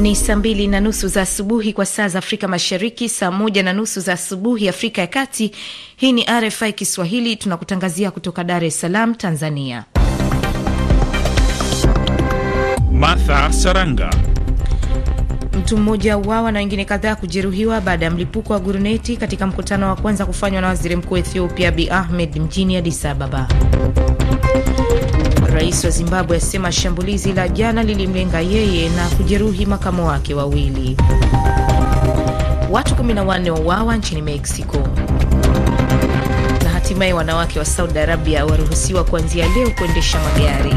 Ni saa mbili na nusu za asubuhi kwa saa za Afrika Mashariki, saa moja na nusu za asubuhi Afrika ya Kati. Hii ni RFI Kiswahili, tunakutangazia kutoka Dar es Salaam, Tanzania. Martha Saranga. Mtu mmoja uawa na wengine kadhaa kujeruhiwa baada ya mlipuko wa guruneti katika mkutano wa kwanza kufanywa na waziri mkuu wa Ethiopia Abiy Ahmed mjini Addis Ababa. Rais wa Zimbabwe asema shambulizi la jana lilimlenga yeye na kujeruhi makamo wake wawili. Watu 14 wauawa nchini Mexico. Na hatimaye wanawake wa Saudi Arabia waruhusiwa kuanzia leo kuendesha magari.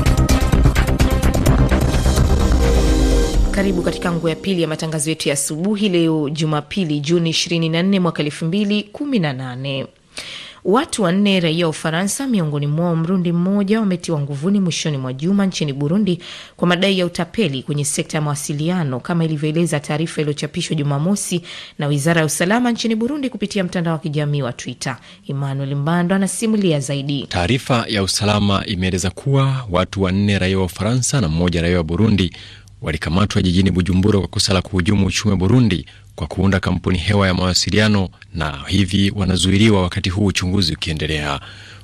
Karibu katika nguo ya pili ya matangazo yetu ya asubuhi leo Jumapili, Juni 24 mwaka 2018. Watu wanne raia wa Ufaransa, miongoni mwao Mrundi mmoja, wametiwa nguvuni mwishoni mwa juma nchini Burundi kwa madai ya utapeli kwenye sekta ya mawasiliano, kama ilivyoeleza taarifa iliyochapishwa Jumamosi na wizara ya usalama nchini Burundi kupitia mtandao wa kijamii wa Twitter. Emmanuel Mbando anasimulia zaidi. Taarifa ya usalama imeeleza kuwa watu wanne raia wa Ufaransa na mmoja raia wa Burundi walikamatwa jijini Bujumbura kwa kosa la kuhujumu uchumi wa Burundi kwa kuunda kampuni hewa ya mawasiliano na hivi wanazuiliwa wakati huu uchunguzi ukiendelea.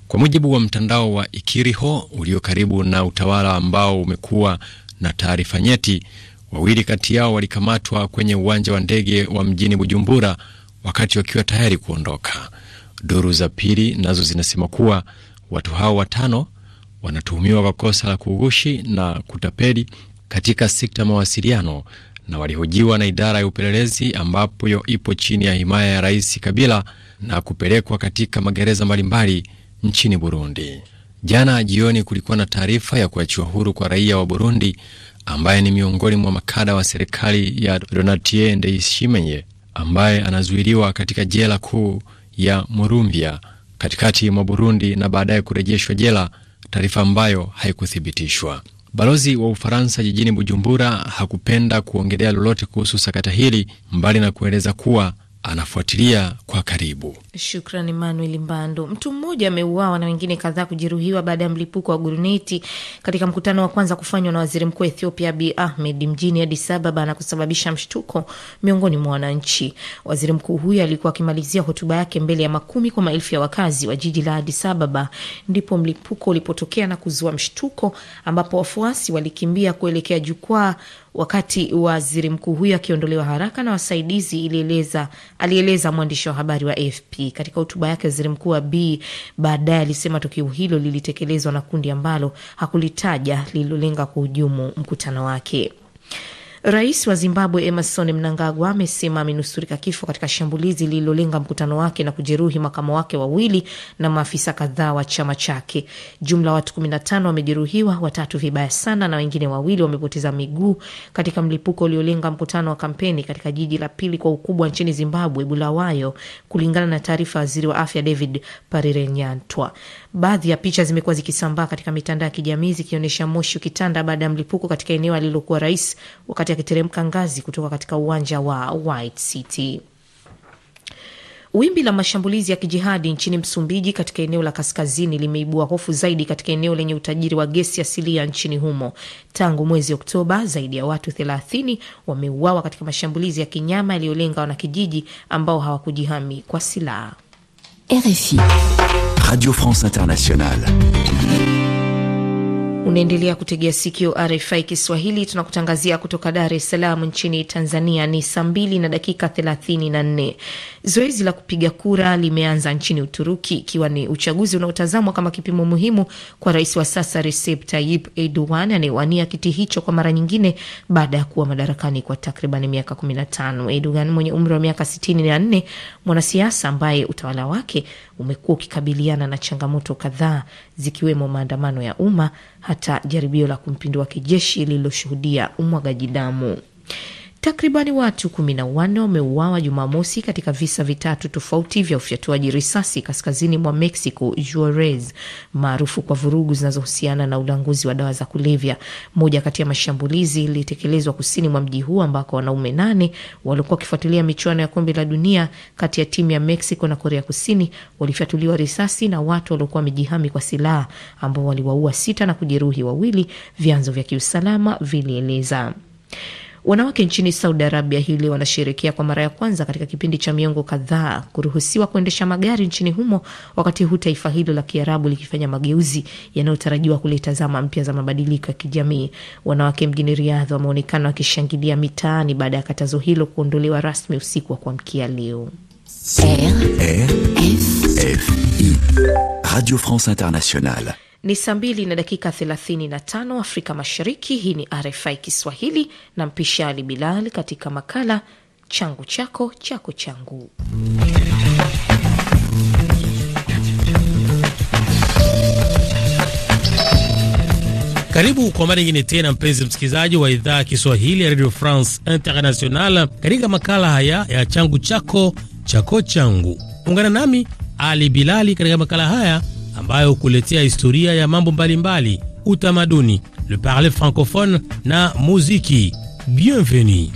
Kwa mujibu wa mtandao wa Ikiriho ulio karibu na utawala ambao umekuwa na taarifa nyeti, wawili kati yao walikamatwa kwenye uwanja wa ndege wa mjini Bujumbura wakati wakiwa tayari kuondoka. Duru za pili nazo zinasema kuwa watu hao watano wanatuhumiwa kwa kosa la kugushi na kutapeli katika sekta mawasiliano na walihojiwa na idara ya upelelezi ambapo yo ipo chini ya himaya ya Rais Kabila na kupelekwa katika magereza mbalimbali nchini Burundi. Jana jioni kulikuwa na taarifa ya kuachiwa huru kwa raia wa Burundi ambaye ni miongoni mwa makada wa serikali ya Donatien Ndayishimiye ambaye anazuiliwa katika jela kuu ya Murumvya katikati mwa Burundi na baadaye kurejeshwa jela, taarifa ambayo haikuthibitishwa. Balozi wa Ufaransa jijini Bujumbura hakupenda kuongelea lolote kuhusu sakata hili mbali na kueleza kuwa anafuatilia kwa karibu. Shukran Emmanuel Mbando. Mtu mmoja ameuawa na wengine kadhaa kujeruhiwa baada ya mlipuko wa guruneti katika mkutano wa kwanza kufanywa na waziri mkuu wa Ethiopia abi Ahmed mjini Addis Ababa na kusababisha mshtuko miongoni mwa wananchi. Waziri mkuu huyo alikuwa akimalizia hotuba yake mbele ya makumi kwa maelfu ya wakazi wa jiji la Addis Ababa ndipo mlipuko ulipotokea na kuzua mshtuko, ambapo wafuasi walikimbia kuelekea jukwaa wakati waziri mkuu huyo akiondolewa haraka na wasaidizi, ilieleza alieleza mwandishi wa habari wa AFP. Katika hotuba yake, waziri mkuu wa b baadaye alisema tukio hilo lilitekelezwa na kundi ambalo hakulitaja lililolenga kuhujumu mkutano wake. Rais wa Zimbabwe Emerson Mnangagwa amesema amenusurika kifo katika shambulizi lililolenga mkutano wake na kujeruhi makamo wake wawili na maafisa kadhaa wa chama chake. Jumla watu 15 wamejeruhiwa, watatu vibaya sana na wengine wawili wamepoteza miguu katika mlipuko uliolenga mkutano wa kampeni katika jiji la pili kwa ukubwa nchini Zimbabwe, Bulawayo, kulingana na taarifa ya waziri wa afya David Parirenyantwa. Baadhi ya picha zimekuwa zikisambaa katika mitandao ya kijamii zikionyesha moshi ukitanda baada ya mlipuko katika eneo alilokuwa rais wakati wakati akiteremka ngazi kutoka katika uwanja wa White City. Wimbi la mashambulizi ya kijihadi nchini Msumbiji katika eneo la kaskazini limeibua hofu zaidi katika eneo lenye utajiri wa gesi asilia nchini humo. Tangu mwezi Oktoba, zaidi ya watu 30 wameuawa katika mashambulizi ya kinyama yaliyolenga wanakijiji ambao hawakujihami kwa silaha. RFI Radio France Internationale. Unaendelea kutegea sikio RFI Kiswahili, tunakutangazia kutoka Dar es Salaam nchini Tanzania. Ni saa mbili na dakika 34. Zoezi la kupiga kura limeanza nchini Uturuki, ikiwa ni uchaguzi unaotazamwa kama kipimo muhimu kwa rais wa sasa Recep Tayyip Erdogan anayewania kiti hicho kwa mara nyingine baada ya kuwa madarakani kwa takriban miaka 15. Erdogan mwenye umri wa miaka 64, mwanasiasa ambaye utawala wake umekuwa ukikabiliana na changamoto kadhaa zikiwemo maandamano ya umma hata jaribio la kumpindua kijeshi lililoshuhudia umwagaji damu. Takribani watu kumi na wanne wameuawa Jumamosi katika visa vitatu tofauti vya ufyatuaji risasi kaskazini mwa Mexico, Juarez, maarufu kwa vurugu zinazohusiana na ulanguzi wa dawa za kulevya. Moja kati ya mashambulizi ilitekelezwa kusini mwa mji huu ambako wanaume nane waliokuwa wakifuatilia michuano ya kombe la dunia kati ya timu ya Mexico na Korea Kusini walifyatuliwa risasi na watu waliokuwa wamejihami kwa silaha ambao waliwaua sita na kujeruhi wawili, vyanzo vya kiusalama vilieleza. Wanawake nchini Saudi Arabia hii leo wanasherekea kwa mara ya kwanza katika kipindi cha miongo kadhaa kuruhusiwa kuendesha magari nchini humo, wakati huu taifa hilo la Kiarabu likifanya mageuzi yanayotarajiwa kuleta zama mpya za mabadiliko ya kijamii. Wanawake mjini Riadha wameonekana wakishangilia mitaani baada ya katazo hilo kuondolewa rasmi usiku wa kuamkia leo. Radio France Internationale. Ni saa mbili na dakika 35 Afrika Mashariki. Hii ni RFI Kiswahili na mpisha Ali Bilal katika makala changu chako chako changu. Karibu kwa mara nyingine tena, mpenzi msikilizaji wa idhaa ya Kiswahili ya Radio France International, katika makala haya ya changu chako chako changu. Ungana nami Ali Bilali katika makala haya ambayo hukuletea historia ya mambo mbalimbali utamaduni, le parler francophone na muziki. Bienvenue.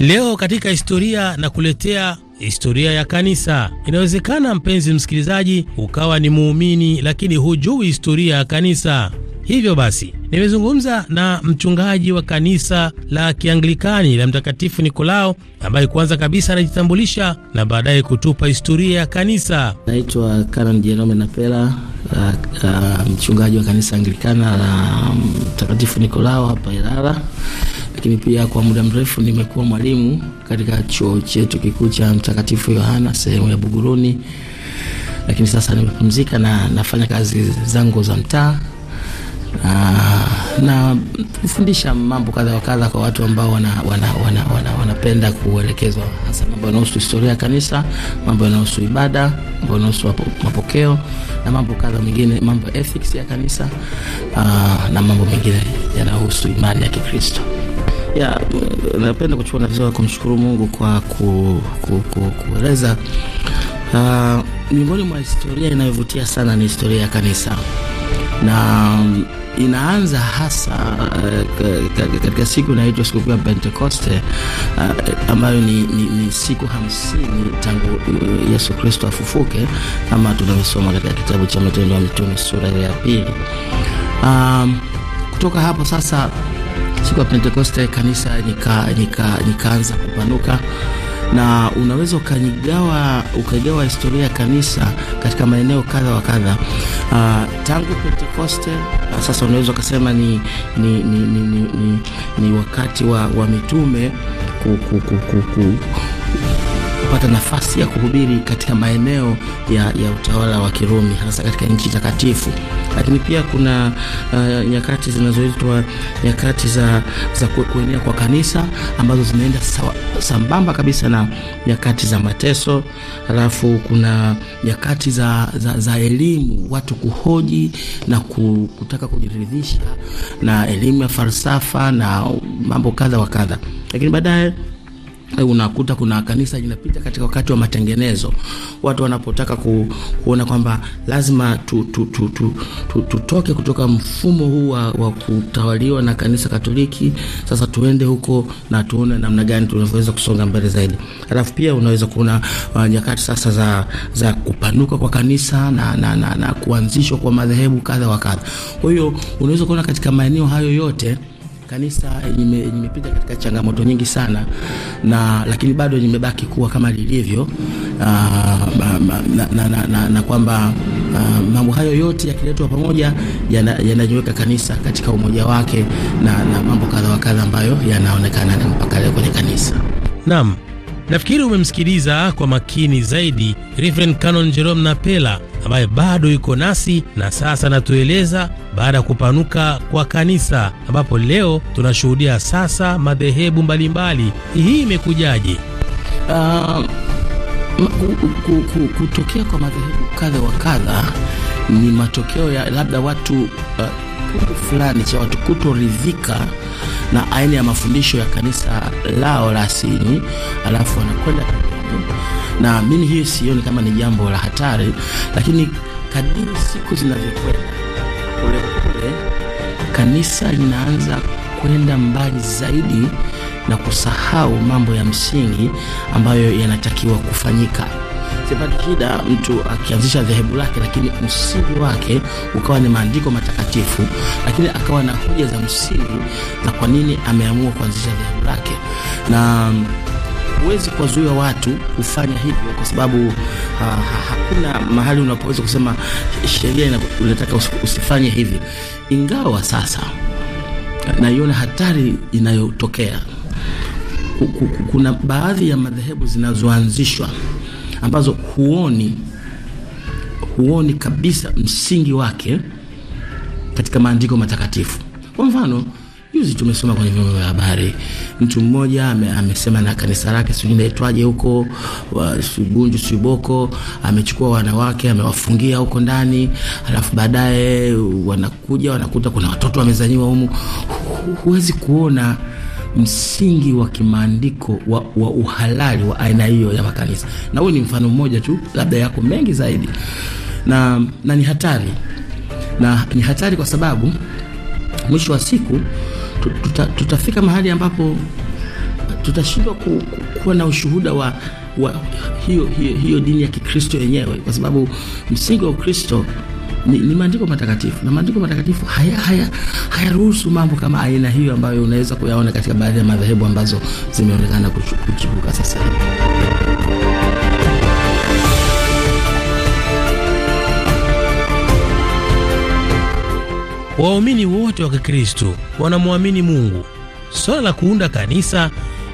Leo katika historia na kuletea historia ya kanisa. Inawezekana mpenzi msikilizaji, ukawa ni muumini lakini hujui historia ya kanisa. Hivyo basi nimezungumza na mchungaji wa kanisa la Kianglikani la Mtakatifu Nikolao ambaye kwanza kabisa anajitambulisha na baadaye kutupa historia ya kanisa. Naitwa Karan Jerome Napela, mchungaji wa kanisa Anglikana la Mtakatifu Nikolao hapa Ilala, lakini pia kwa muda mrefu nimekuwa mwalimu katika chuo chetu kikuu cha Mtakatifu Yohana sehemu ya Buguruni, lakini sasa nimepumzika na nafanya kazi zangu za mtaa Ah, na kufundisha mambo kadha wa kadha kwa watu ambao wanapenda wana, wana, wana, wana kuelekezwa, hasa mambo yanahusu historia ya kanisa, mambo yanahusu ibada, mambo yanahusu mapokeo na mambo kadha mengine, mambo ethics ya kanisa aa, ah, na mambo mengine yanahusu imani ya Kikristo. Ya, napenda kuchukua nafasi ya kumshukuru Mungu kwa ku, ku, ku, kueleza ah, miongoni mwa historia inayovutia sana ni historia ya kanisa na inaanza hasa uh, katika siku inaitwa sikukuu ya Pentekoste uh, ambayo ni, ni, ni siku hamsini tangu uh, Yesu Kristo afufuke kama tunavyosoma katika kitabu cha Matendo ya Mitume sura ya pili. Um, kutoka hapo sasa siku ya Pentekoste kanisa nikaanza nika, nika kupanuka na unaweza ukaigawa ukagawa historia ya kanisa katika maeneo kadha wa kadha uh, tangu Pentekoste uh, sasa unaweza ukasema ni, ni, ni, ni, ni, ni, ni wakati wa, wa mitume kuku kupata nafasi ya kuhubiri katika maeneo ya, ya utawala wa Kirumi hasa katika nchi takatifu, lakini pia kuna uh, nyakati zinazoitwa nyakati za, za kuenea kwa kanisa ambazo zinaenda sawa sambamba kabisa na nyakati za mateso. Halafu kuna nyakati za, za, za elimu, watu kuhoji na kutaka kujiridhisha na elimu ya falsafa na mambo kadha wa kadha, lakini baadaye Eh, unakuta kuna kanisa linapita katika wakati wa matengenezo, watu wanapotaka ku, kuona kwamba lazima tu, tu, tu, tu, tu, tutoke kutoka mfumo huu wa, wa kutawaliwa na kanisa Katoliki. Sasa tuende huko na tuone namna gani tunaweza kusonga mbele zaidi. Alafu pia unaweza kuona uh, nyakati sasa za, za kupanuka kwa kanisa na, na, na, na kuanzishwa kwa madhehebu kadha wa kadha. Kwa hiyo unaweza kuona katika maeneo hayo yote kanisa limepita katika changamoto nyingi sana na lakini bado limebaki kuwa kama lilivyo, ah, na, na, na, na, na kwamba ah, mambo hayo yote yakiletwa pamoja yanajiweka kanisa katika umoja wake na, na mambo kadha wa kadha ambayo yanaonekana mpaka leo kwenye kanisa. Naam, nafikiri umemsikiliza kwa makini zaidi Reverend Canon Jerome Napela ambaye bado yuko nasi na sasa anatueleza baada ya kupanuka kwa kanisa, ambapo leo tunashuhudia sasa madhehebu mbalimbali. Hii imekujaje? Uh, kutokea kwa madhehebu kadha wa kadha ni matokeo ya labda watu uh, fulani cha watu kutoridhika na aina ya mafundisho ya kanisa lao la asili, alafu wanakwenda na mimi hiyo sioni kama ni jambo la hatari, lakini kadiri siku zinavyokwenda polepole, kanisa linaanza kwenda mbali zaidi na kusahau mambo ya msingi ambayo yanatakiwa kufanyika. Sipati shida mtu akianzisha dhehebu lake, lakini msingi wake ukawa ni maandiko matakatifu, lakini akawa na hoja za msingi za kwa nini ameamua kuanzisha dhehebu lake na huwezi kuwazuia watu kufanya hivyo, kwa sababu uh, hakuna mahali unapoweza kusema sheria inataka usifanye hivi, ingawa sasa naiona hatari inayotokea. Kuna baadhi ya madhehebu zinazoanzishwa ambazo huoni huoni kabisa msingi wake katika maandiko matakatifu. Kwa mfano Juzi tumesoma kwenye vyombo vya habari, mtu mmoja amesema na kanisa lake sijui naitwaje huko Subunju Siboko, amechukua wanawake amewafungia huko ndani, alafu baadaye wanakuja wanakuta kuna watoto wamezanyiwa humu. Huwezi kuona msingi wa kimaandiko wa, wa uhalali wa aina hiyo ya makanisa, na huyu ni mfano mmoja tu, labda yako mengi zaidi, na, na ni hatari na ni hatari kwa sababu mwisho wa siku tuta, tutafika mahali ambapo tutashindwa ku, ku, kuwa na ushuhuda wa, wa hiyo, hiyo, hiyo dini ya Kikristo yenyewe, kwa sababu msingi wa Ukristo ni, ni maandiko matakatifu na maandiko matakatifu hayaruhusu haya, haya mambo kama aina hiyo ambayo unaweza kuyaona katika baadhi ya madhehebu ambazo zimeonekana kuchipuka sasa hivi. Waumini wote wa Kikristo wanamwamini Mungu. Swala la kuunda kanisa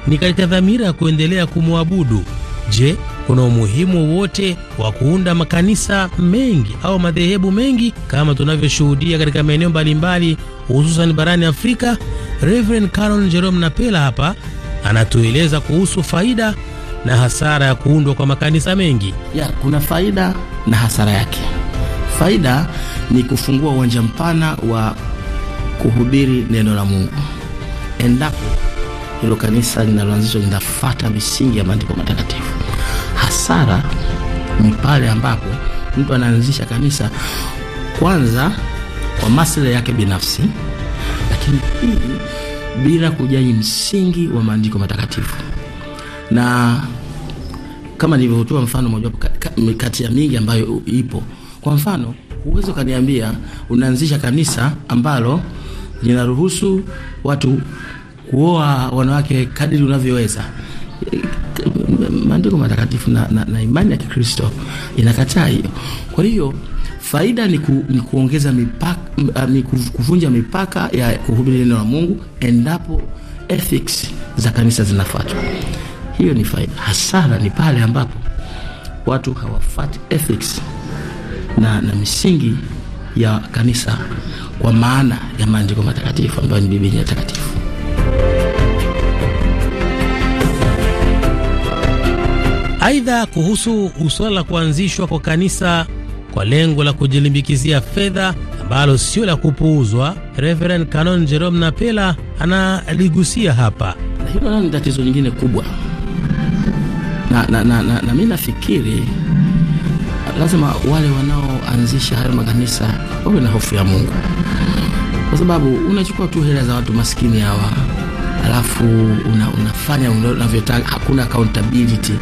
ni katika dhamira ya kuendelea kumwabudu. Je, kuna umuhimu wowote wa kuunda makanisa mengi au madhehebu mengi kama tunavyoshuhudia katika maeneo mbalimbali hususan barani Afrika? Reverend Carol Jerome Napela hapa anatueleza kuhusu faida na hasara ya kuundwa kwa makanisa mengi. Ya, kuna faida na hasara yake faida ni kufungua uwanja mpana wa kuhubiri neno la Mungu endapo hilo kanisa linaloanzishwa linafata misingi ya maandiko matakatifu. Hasara ni pale ambapo mtu anaanzisha kanisa kwanza kwa maslahi yake binafsi, lakini pili bila kujali msingi wa maandiko matakatifu. Na kama nilivyotoa mfano mmoja kati ya mingi ambayo ipo kwa mfano, huwezi ukaniambia unaanzisha kanisa ambalo linaruhusu watu kuoa wanawake kadiri unavyoweza. Maandiko matakatifu na, na, na imani ya Kikristo inakataa hiyo. Kwa hiyo faida ni, ku, ni kuongeza mipaka, ni kuvunja mipaka ya kuhubiri neno la Mungu endapo ethics za kanisa zinafuatwa. Hiyo ni faida. Hasara ni pale ambapo watu hawafuati ethics na, na misingi ya kanisa kwa maana ya maandiko matakatifu ambayo ni Biblia takatifu. Aidha, kuhusu suala la kuanzishwa kwa kanisa kwa lengo la kujilimbikizia fedha ambalo sio la kupuuzwa, Reverend Canon Jerome Napela analigusia hapa. Hilo ni tatizo nyingine kubwa, na, na, na, na, na mi nafikiri lazima wale wanaoanzisha hayo makanisa wawe na hofu ya Mungu, kwa sababu unachukua tu hela za watu maskini hawa alafu una, unafanya unavyotaka. Hakuna accountability,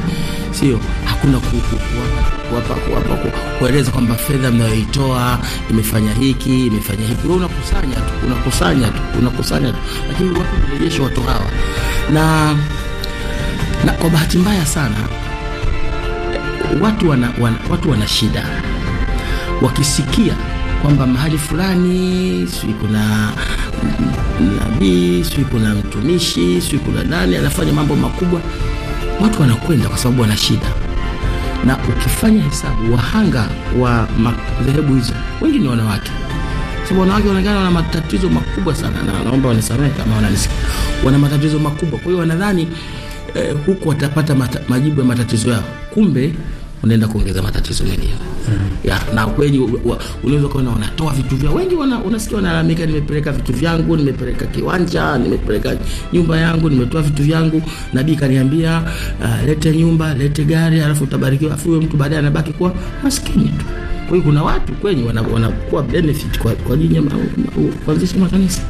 sio? Hakuna kueleza kwamba fedha mnayoitoa imefanya hiki imefanya hiki. Wewe unakusanya tu unakusanya tu unakusanya tu, lakini wapi mrejesho watu hawa? Na, na kwa bahati mbaya sana watu wana, wana, watu wana shida wakisikia kwamba mahali fulani sijui kuna nabii sijui kuna mtumishi sijui kuna nani anafanya mambo makubwa, watu wanakwenda kwa sababu wana shida. Na ukifanya hesabu, wahanga wa madhehebu hizo wengi ni wanawake, sababu wanawake wanaonekana wana matatizo makubwa sana, na naomba wanisamehe kama wananisikia, wana matatizo makubwa. Kwa hiyo wanadhani eh, huku watapata mata, majibu ya matatizo yao, kumbe unaenda kuongeza matatizo mwenyewe mm. Mm-hmm. ya na kweli unaweza kuona wanatoa vitu vya wengi wana, unasikia wanalalamika, nimepeleka vitu vyangu, nimepeleka kiwanja, nimepeleka nyumba yangu, nimetoa vitu vyangu, nabii kaniambia uh, lete nyumba, lete gari, alafu utabarikiwa. Afu huyo mtu baadaye anabaki kuwa maskini tu. Kwa hiyo kuna watu kweli wanakuwa wana benefit kwa kwa ajili ya kuanzisha makanisa.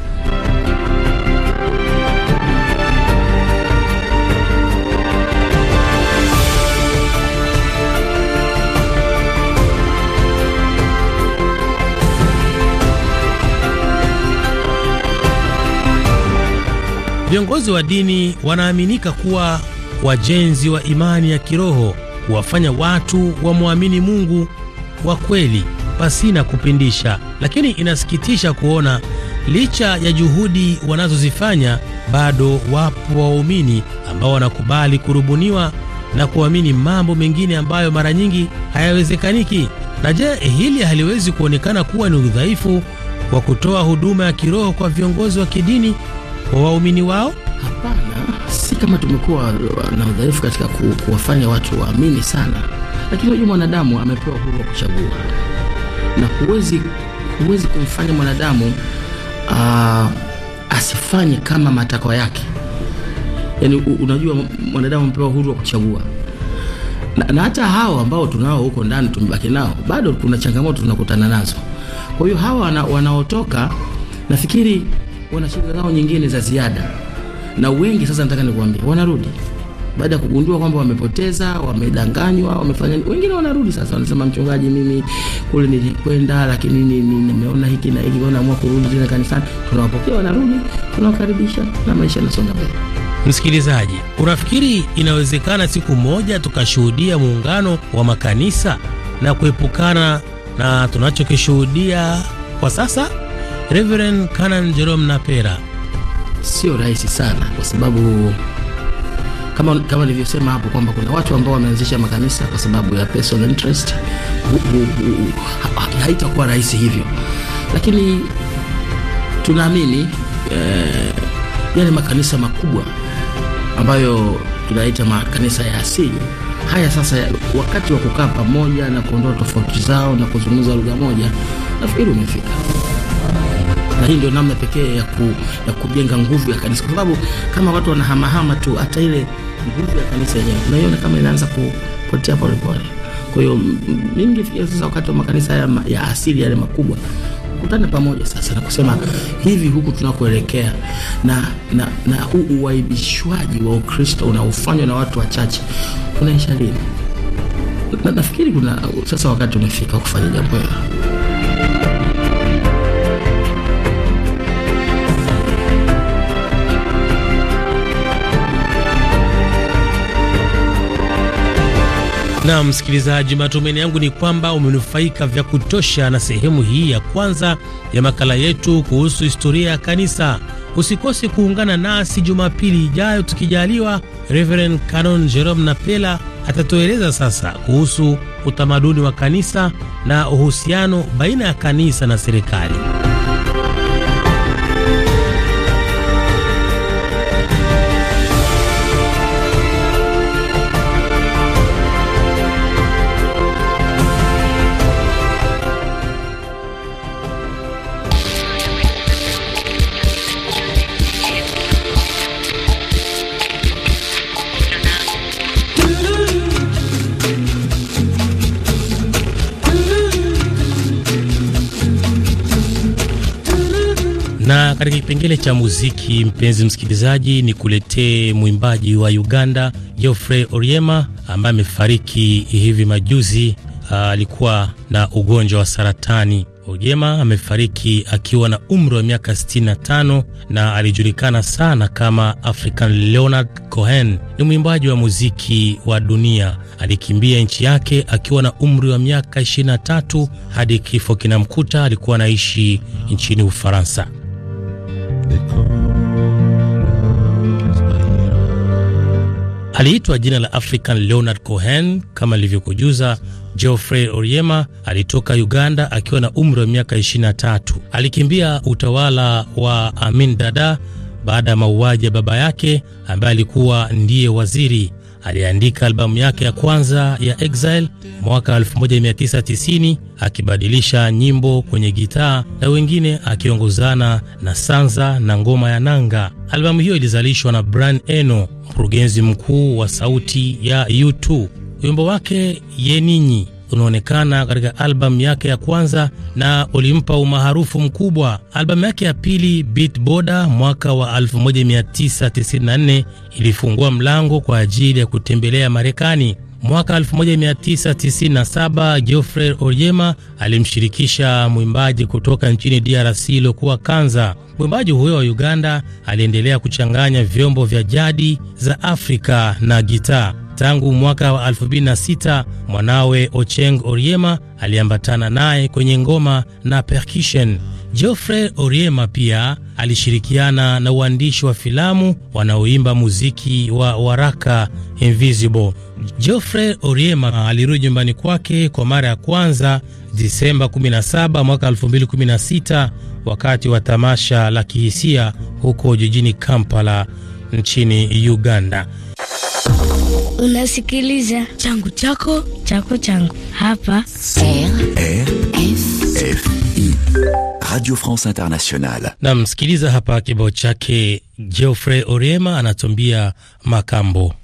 Viongozi wa dini wanaaminika kuwa wajenzi wa imani ya kiroho, kuwafanya watu wamwamini Mungu wa kweli pasina kupindisha. Lakini inasikitisha kuona licha ya juhudi wanazozifanya bado wapo waumini ambao wanakubali kurubuniwa na kuamini mambo mengine ambayo mara nyingi hayawezekaniki. Na je, hili haliwezi kuonekana kuwa ni udhaifu wa kutoa huduma ya kiroho kwa viongozi wa kidini kwa waumini wao? Hapana, si kama tumekuwa uh, na udhaifu katika ku, kuwafanya watu waamini sana, lakini huyu mwanadamu amepewa uhuru wa kuchagua na huwezi huwezi kumfanya mwanadamu uh, asifanye kama matakwa yake. Yani unajua mwanadamu amepewa uhuru wa kuchagua na, na hata hao ambao tunao huko ndani tumebaki nao, bado kuna changamoto tunakutana nazo. Kwa hiyo hawa wanaotoka nafikiri wana shida zao nyingine za ziada, na wengi sasa, nataka nikuambia, wanarudi baada ya kugundua kwamba wamepoteza, wamedanganywa, wamefanya. Wengine wanarudi sasa, wanasema mchungaji, mimi kule nilikwenda, lakini nimeona hiki na hiki, naamua kurudi tena kanisani. Tunawapokea, wanarudi, tunawakaribisha na maisha yanasonga mbele. Msikilizaji, unafikiri inawezekana siku moja tukashuhudia muungano wa makanisa na kuepukana na tunachokishuhudia kwa sasa? Reverend Canon Jerome Napera. Sio rahisi sana kwa sababu kama kama nilivyosema hapo kwamba kuna watu ambao wameanzisha makanisa kwa sababu ya personal interest. Haitakuwa rahisi hivyo, lakini tunaamini eh, yale makanisa makubwa ambayo tunaita makanisa ya asili haya sasa, wakati wa kukaa pamoja na kuondoa tofauti zao na kuzungumza lugha moja, nafikiri umefika na hii ndio namna pekee ya, ku, ya kujenga nguvu ya kanisa, kwa sababu kama watu wanahamahama tu, hata ile nguvu ya kanisa yenyewe unaiona kama inaanza kupotea polepole. Kwa hiyo mimi ningefikiria sasa, wakati wa makanisa ya, ya asili yale makubwa kutana pamoja sasa na kusema hivi, huku tunakoelekea na, na, na huu uwaibishwaji wa Ukristo unaofanywa na watu wachache unaisha lini? Na nafikiri kuna sasa wakati umefika kufanya jambo hilo. Na msikilizaji, matumaini yangu ni kwamba umenufaika vya kutosha na sehemu hii ya kwanza ya makala yetu kuhusu historia ya kanisa. Usikose kuungana nasi Jumapili ijayo tukijaliwa. Reverend Canon Jerome Napela atatueleza sasa kuhusu utamaduni wa kanisa na uhusiano baina ya kanisa na serikali. katika kipengele cha muziki, mpenzi msikilizaji, ni kuletee mwimbaji wa Uganda Geoffrey Oryema ambaye amefariki hivi majuzi. Ah, alikuwa na ugonjwa wa saratani. Oryema amefariki akiwa na umri wa miaka 65 na alijulikana sana kama African Leonard Cohen. Ni mwimbaji wa muziki wa dunia. Alikimbia nchi yake akiwa na umri wa miaka 23 hadi kifo kinamkuta. Alikuwa anaishi nchini Ufaransa. Aliitwa jina la African Leonard Cohen kama ilivyokujuza. Geoffrey Oryema alitoka Uganda akiwa na umri wa miaka 23. Alikimbia utawala wa Amin Dada baada ya mauaji ya baba yake ambaye alikuwa ndiye waziri aliyeandika albamu yake ya kwanza ya Exile mwaka 1990 akibadilisha nyimbo kwenye gitaa na wengine akiongozana na Sanza na ngoma ya nanga. Albamu hiyo ilizalishwa na Brian Eno, mkurugenzi mkuu wa sauti ya U2. Wimbo wake Ye Ninyi unaonekana katika albamu yake ya kwanza na ulimpa umaarufu mkubwa. Albamu yake ya pili Beat Boda mwaka wa 1994 ilifungua mlango kwa ajili ya kutembelea Marekani. Mwaka 1997 Geoffrey Oryema alimshirikisha mwimbaji kutoka nchini DRC iliyokuwa Kanza. Mwimbaji huyo wa Uganda aliendelea kuchanganya vyombo vya jadi za Afrika na gitaa. Tangu mwaka wa 2006 mwanawe Ocheng Oriema aliambatana naye kwenye ngoma na percussion. Geoffrey Oriema pia alishirikiana na uandishi wa filamu wanaoimba muziki wa Waraka Invisible. Geoffrey Oriema alirudi nyumbani kwake kwa mara ya kwanza Disemba 17 mwaka 2016 wakati wa tamasha la kihisia huko jijini Kampala nchini Uganda. Unasikiliza changu chako chako changu hapa Radio France Internationale. Na msikiliza hapa kibao chake Geoffrey Oriema anatuambia Makambo.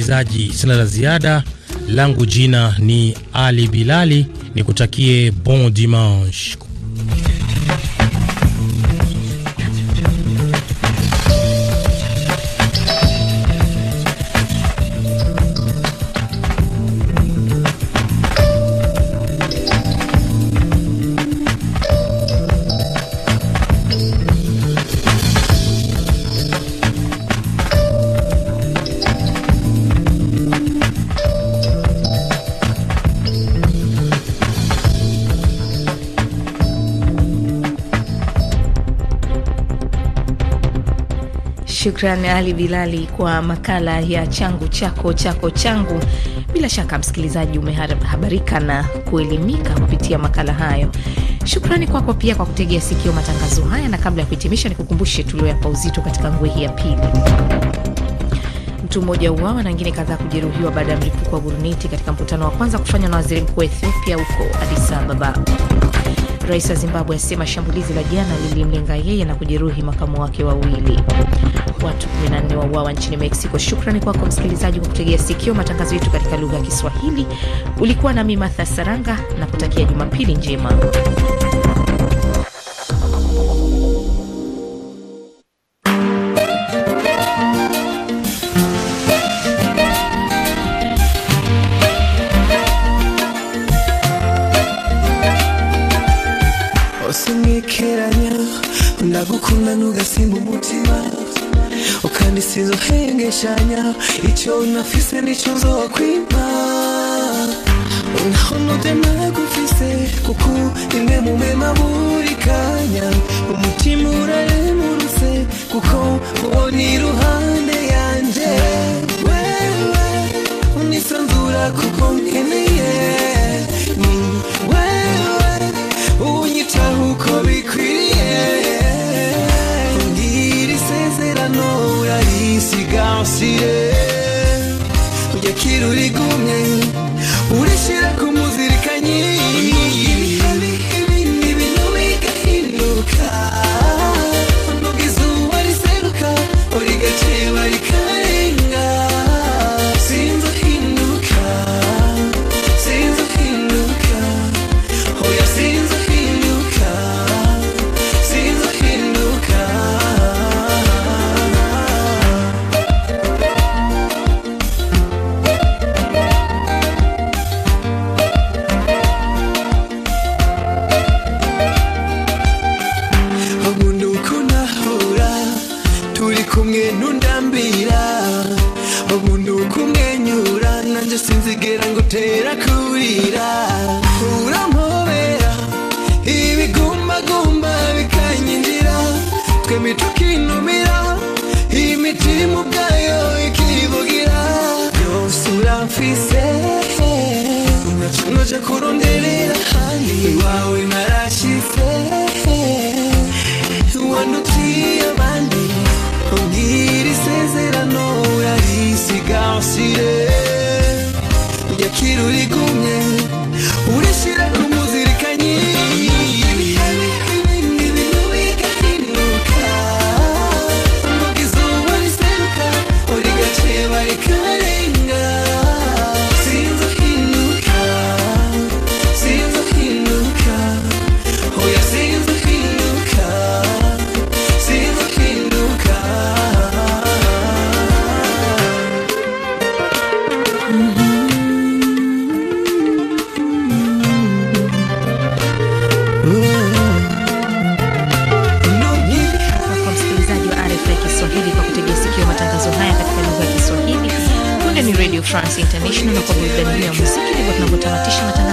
msikilizaji, sina la ziada langu. Jina ni Ali Bilali, nikutakie bon dimanche. Shukran Ali Bilali kwa makala ya changu chako chako changu. Bila shaka, msikilizaji, umehabarika na kuelimika kupitia makala hayo. Shukrani kwako kwa pia kwa kutegea sikio matangazo haya, na kabla ya kuhitimisha, nikukumbushe tulioyapa uzito katika hii ya pili. Mtu mmoja uawa na wengine kadhaa kujeruhiwa baada ya mlipuko wa guruneti katika mkutano wa kwanza kufanywa na waziri mkuu wa Ethiopia huko Addis Ababa. Rais wa Zimbabwe asema shambulizi la jana lilimlenga yeye na kujeruhi makamu wake wawili. Watu 14 wauawa nchini Mexico. Shukrani kwako msikilizaji kwa kutegea sikio matangazo yetu katika lugha ya Kiswahili. Ulikuwa nami mimatha Saranga na kutakia Jumapili njema. unanoga simba umutima ukandisiza uhengeshanya icyo unafise nicyo uzokwima naho node nagufise kuko imwe mu mwema buri kanya umutima uraremurutse kuko uwo iruhande yanjye wewe unisanzura kuko nkeneye wewe unyitaho uko bikwiriye no urayisiga ushyire ujya kira urigumye urishyira kumuzirikanyi rurigumye urishire rumuzirikanye France International na kwa burudani hiyo ya muziki, ndivyo tunavyotamatisha matangazo